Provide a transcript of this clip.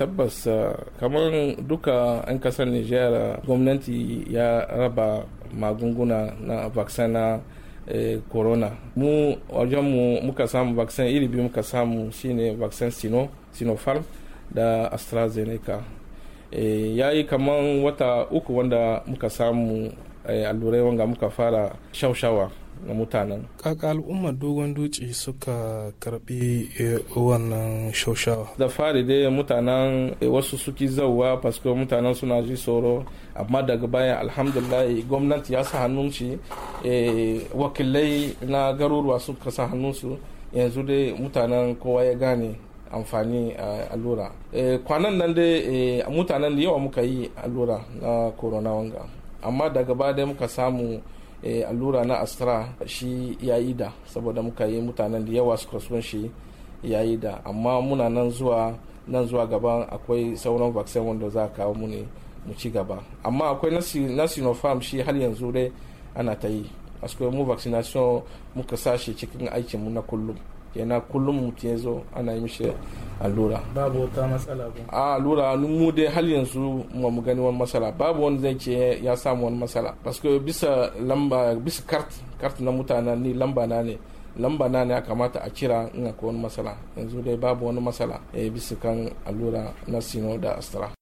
tabbas eh, kamar duka an kasar niger gwamnati ya raba magunguna na vaccine na eh, corona mu wajenmu muka samu vaccine iri biyu muka samu shine vaccine sino sinopharm da astrazeneca eh, ya yi kamar wata uku wanda muka samu allurai wanga muka fara shaushawa na mutanen kaka al'ummar dogon dutse suka karbi eh, wannan shaushawa da fari dai mutanen eh, wasu suki zauwa paske mutanen suna ji tsoro amma daga bayan alhamdulillah gwamnati ya sa hannun shi eh, wakilai na garuruwa suka sa hannun su yanzu dai mutanen kowa ya gane amfani alura. allura kwanan nan dai mutanen da yawa muka yi allura na corona wanga amma daga baya dai muka samu Eh, allura na astra shi ya yi da saboda muka yi mutanen da yawa suka sun shi ya yi da amma muna nan zuwa nan zuwa gaban akwai sauran vaccine wanda za a kawo mu mu ci gaba amma akwai na sinopharm shi har yanzu dai ana ta yi a mu vaccination muka sashi cikin mu na kullum kenan kullum mutum ya zo ana yi mishi allura babu wata matsala ba a allura mu dai har yanzu ba gani wani matsala babu wani zai ce ya samu wani matsala que bisa lamba bisa kart kart na mutane ni lamba na ne lamba na ne ya kamata a kira in akwai wani matsala yanzu dai babu wani matsala eh, bisa kan allura na sino da astra